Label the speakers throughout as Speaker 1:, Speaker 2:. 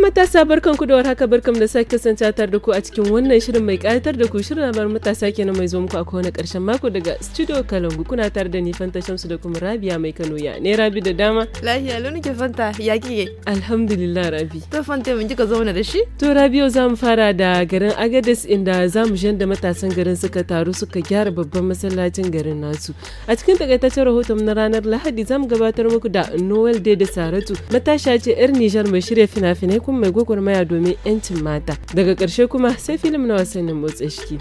Speaker 1: matasa barkanku da warhaka barkam da sake kasance tar da ku a cikin wannan shirin mai kayatar da ku shirin labar matasa kenan mai zo muku a kowane karshen mako daga studio Kalangu kuna tare da ni Fanta Shamsu da kuma Rabia mai Kano ya ne Rabi da dama lafiya lo nake Fanta ya kike alhamdulillah Rabi to Fanta mun kika zauna da shi to Rabi yau zamu fara da garin Agadez inda zamu jan da matasan garin suka taru suka gyara babban masallacin garin nasu a cikin takaitaccen rahoton na ranar Lahadi zamu gabatar muku da Noel Day da Saratu matasha ce yar Nijar mai shirya fina-finai kuma mai gwagwarmaya domin 'yancin mata. Daga ƙarshe kuma sai filim na wasannin motsa shiki.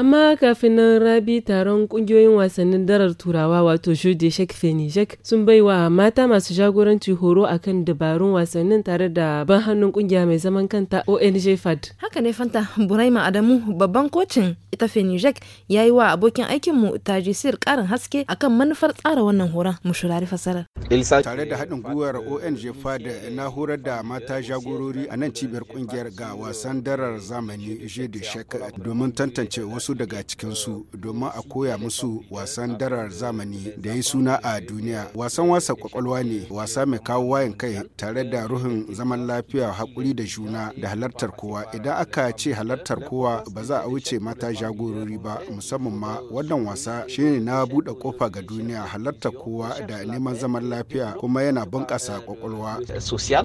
Speaker 1: Amma kafin nan rabi taron kungiyoyin wasannin darar turawa wato Jude Shek sun sun wa mata masu jagoranci horo akan dabarun wasannin tare da ban hannun kungiya mai zaman kanta ONG
Speaker 2: FAD. Haka ne Fanta Buraima Adamu babban kocin ita shek ya yi wa abokin aikinmu Tajisir karin haske akan manufar tsara wannan horon mu shirari fasarar.
Speaker 3: Tare da haɗin gwiwar ONG FAD na horar da mata jagorori a nan cibiyar kungiyar ga wasan darar zamani Jude Shek domin tantance wasu wasu daga cikinsu domin a koya musu wasan darar zamani da ya suna a duniya. Wasan wasa kwakwalwa ne wasa mai kawo wayan kai tare da ruhin zaman lafiya haƙuri da juna da halartar kowa. Idan aka ce halartar kowa ba za a wuce mata jagorori ba musamman ma wannan wasa shine na buɗe kofa ga duniya halartar kowa da neman zaman lafiya kuma yana bunƙasa kwakwalwa.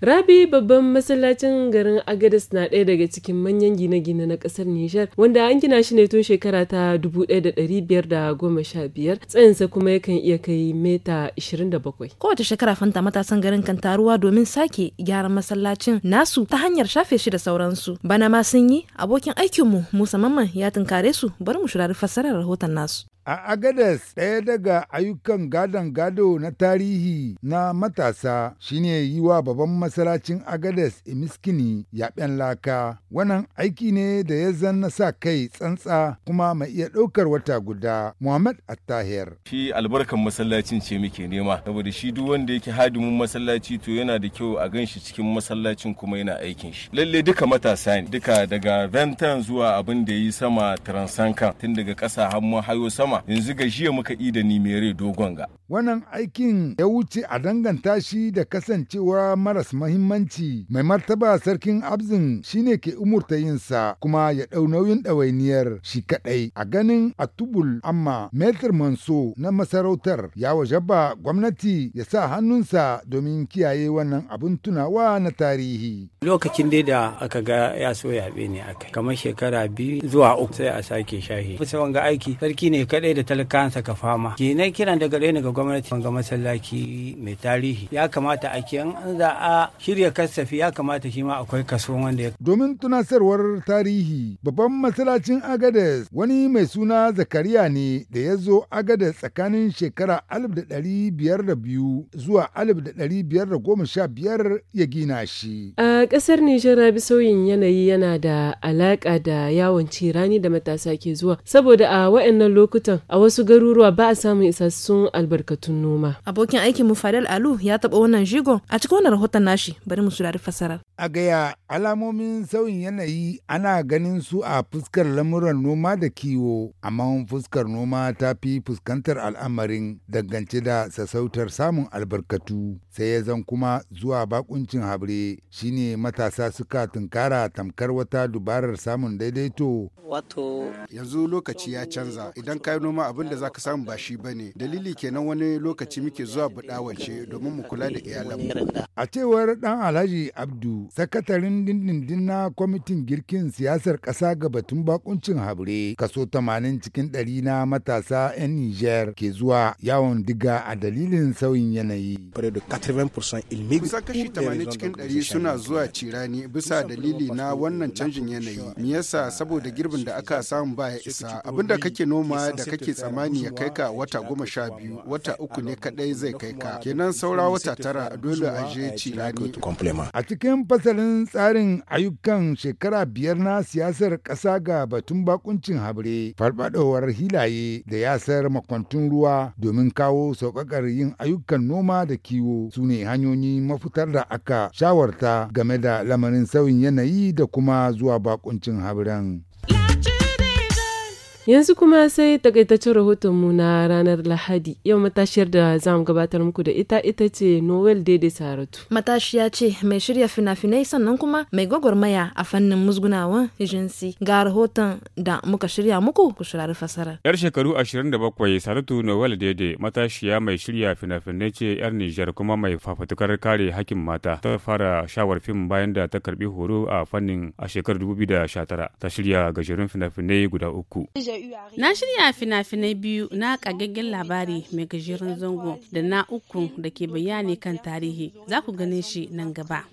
Speaker 1: Rabi babban masallacin garin agadis na ɗaya daga cikin manyan gine-gine na ƙasar Nijar wanda an gina shi ne tun shekara ta 1515 tsayinsa kuma yakan iya kai mita 27.
Speaker 2: Kowace shekara fanta matasan garin kan taruwa domin sake gyaran masallacin nasu ta hanyar shafe shi da sauransu. Bana ma sun yi abokin aikinmu Musa Mamman ya tunkare su bari mu shirari fassarar rahoton nasu.
Speaker 4: A Agadez ɗaya daga ayyukan gadon gado na tarihi na matasa shine yi wa babban masallacin agadas Imiskini yaɓen laka. Wannan aiki ne da ya zanna sa kai tsantsa kuma mai iya ɗaukar wata guda Muhammad
Speaker 3: Attahir. Shi albarkan masallacin ce muke nema, saboda shi duk wanda yake hadimin masallaci to yana da kyau a ganshi cikin masallacin kuma yana aikin shi. Lalle duka matasa ne, duka daga Ventan zuwa abin da ya yi sama Transankan, tun daga ƙasa har hayo sama goma yanzu ga jiya muka yi da ni mere dogon ga.
Speaker 4: Wannan aikin ya wuce a danganta shi da kasancewa maras mahimmanci mai martaba sarkin abzin shine ke umurta yinsa kuma ya ɗau nauyin ɗawainiyar shi kaɗai a ganin atubul amma metir manso na masarautar ya wajaba gwamnati ya sa hannunsa domin kiyaye wannan abin tunawa na tarihi.
Speaker 5: Lokacin dai da aka ga ya so yaɓe ne aka kamar shekara biyu zuwa uku sai a sake shahi. Bisa wanga aiki sarki ne kaɗai kaɗai da talakansa ka fama kenan kiran daga ɗaya daga gwamnati ga masallaci mai tarihi ya kamata a kiyan an za a shirya kasafi ya kamata shi ma akwai kaso wanda ya domin
Speaker 4: tunasarwar tarihi babban masallacin agades wani mai suna zakariya ne da ya zo agades tsakanin shekara 1502 zuwa 1515 ya gina shi
Speaker 1: a ƙasar nijar rabi sauyin yanayi yana da alaƙa da yawon rani da matasa ke zuwa saboda a waɗannan lokutan a wasu garuruwa ba a samun isassun albarkatun noma.
Speaker 2: Abokin aikin mu Fadel Alu ya taɓa wannan jigo a cikin wannan rahoton nashi bari mu surari fasarar. A gaya alamomin sauyin
Speaker 4: yanayi ana ganin su a fuskar lamuran noma da kiwo amma fuskar noma ta fi fuskantar al'amarin dangance da sassautar samun albarkatu sai ya zan kuma zuwa bakuncin habre shine matasa suka tunkara tamkar wata dubarar samun daidaito.
Speaker 3: Wato yanzu lokaci ya canza idan ka noma abin da zaka samu ba shi bane dalili kenan wani lokaci muke zuwa buɗa domin mu kula da iyalanmu
Speaker 4: a cewar dan Alhaji Abdu sakatarin dindindin na kwamitin girkin siyasar ƙasa ga batun bakuncin habre. kaso 80 cikin 100 na matasa 'yan Niger ke zuwa yawon diga a dalilin sauyin yanayi kusan kashi
Speaker 3: 80 cikin 100 suna zuwa cirani bisa dalili na wannan canjin yanayi me yasa saboda girbin da aka samu ba ya isa abinda kake noma da kake tsammani ya kai ka wata goma sha biyu wata uku ne kadai zai kai ka kenan saura wata tara dole a je cirani
Speaker 4: a cikin fasalin tsarin ayyukan shekara biyar na siyasar kasa ga batun bakuncin habre farfadowar hilaye da yasar makwantun ruwa domin kawo sauƙaƙar yin ayyukan noma da kiwo su ne hanyoyi mafitar da aka shawarta game da lamarin sauyin yanayi da kuma zuwa bakuncin habren
Speaker 1: Yanzu kuma sai takaitaccen rahotonmu na ranar Lahadi. Yau matashiyar da za mu gabatar muku da ita ita ce Noel
Speaker 2: Dede Saratu. Matashiya ce mai shirya fina-finai sannan kuma mai gwagwarmaya a fannin musgunawan jinsi. Ga rahoton da muka shirya muku ku shirari fasara.
Speaker 5: Yar shekaru 27 Saratu Noel Dede matashiya mai shirya fina-finai ce yar Nijar kuma mai fafatukar kare hakkin mata. Ta fara shawar fim bayan da ta karbi horo a fannin a shekarar 2019. Ta shirya gajerun fina-finai guda uku.
Speaker 2: Na shirya fina-finai biyu na kagaggen labari mai gajeren zango da na uku da ke bayani kan tarihi. Za ku ganin shi nan gaba.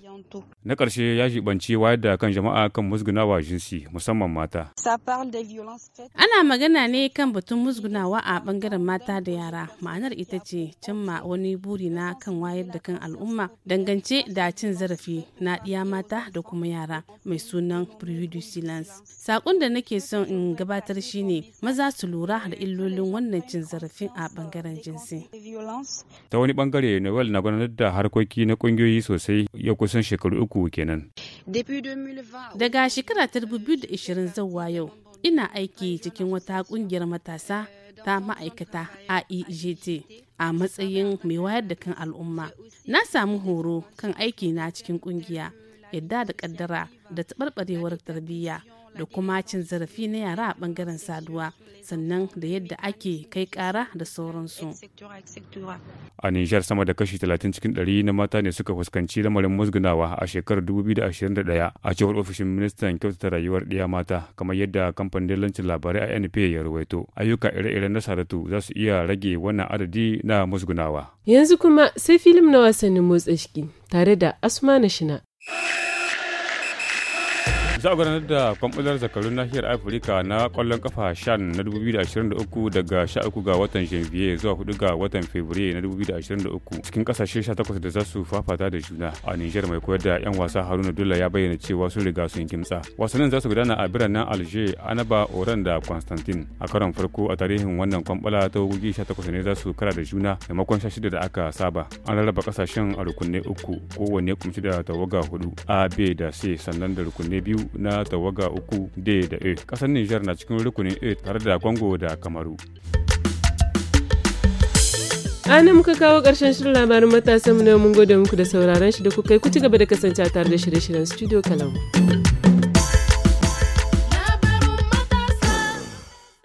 Speaker 5: Na ƙarshe ya jibanci wayar da kan jama'a kan musgunawa jinsi musamman mata.
Speaker 2: Ana magana ne kan batun musgunawa a bangaren mata da yara ma'anar ita ce cimma wani buri na kan wayar da kan al'umma dangance da cin zarafi na ɗiya mata da kuma yara mai sunan silence Sakon da nake son in gabatar shine maza su lura da illolin wannan cin zarafin a bangaren jinsi.
Speaker 5: Ta wani bangare Noel na gudanar da harkoki na kungiyoyi sosai ya kusan shekaru shekaru uku kenan.
Speaker 2: Daga shekara ta 2020 zuwa yau, ina aiki cikin wata kungiyar matasa ta ma'aikata aegt a matsayin mai wayar da kan al'umma. Na samu horo kan aiki na cikin kungiya, yadda da kaddara da taɓarɓarewar tarbiyya da kuma cin zarafi na yara a bangaren saduwa sannan da yadda ake kai kara da sauransu.
Speaker 5: A Nijar sama da kashi 30 cikin 100 na mata ne suka fuskanci lamarin musgunawa a shekarar 2021 a cewar ofishin ministan kyautata rayuwar ɗiya mata kamar yadda kamfanin dalancin labarai a NPA ya rawaito. Ayyuka ire ire na Saratu za su iya rage wannan adadi na musgunawa.
Speaker 1: Yanzu kuma sai filim na wasannin motsa shiki tare da Asma na Shina.
Speaker 5: za a gudanar da kwamfular zakarun nahiyar afirka na kwallon kafa shan na 2023 daga 13 ga watan janvier zuwa 4 ga watan fevrier na 2023 cikin kasashe 18 da za su fafata da juna a niger mai koyar da 'yan wasa haruna dula ya bayyana cewa sun riga sun kimtsa wasannin za su gudana a biranen alger anaba oran da constantin a karon farko a tarihin wannan kwamfula ta hukuki 18 ne za su kara da juna da maimakon 16 da aka saba an rarraba kasashen a rukunne uku kowanne kumshi da tawaga hudu a b da c sannan da rukunne biyu na tawaga uku D da e Ƙasar Nijar na cikin rukunin e tare da Congo da Kamaru.
Speaker 1: ana muka kawo ƙarshen shirin labarin matasan mu na mun gode muku da sauraron shi da kuka yi ku ci gaba da kasance tare da shirye-shiryen studio kalamu.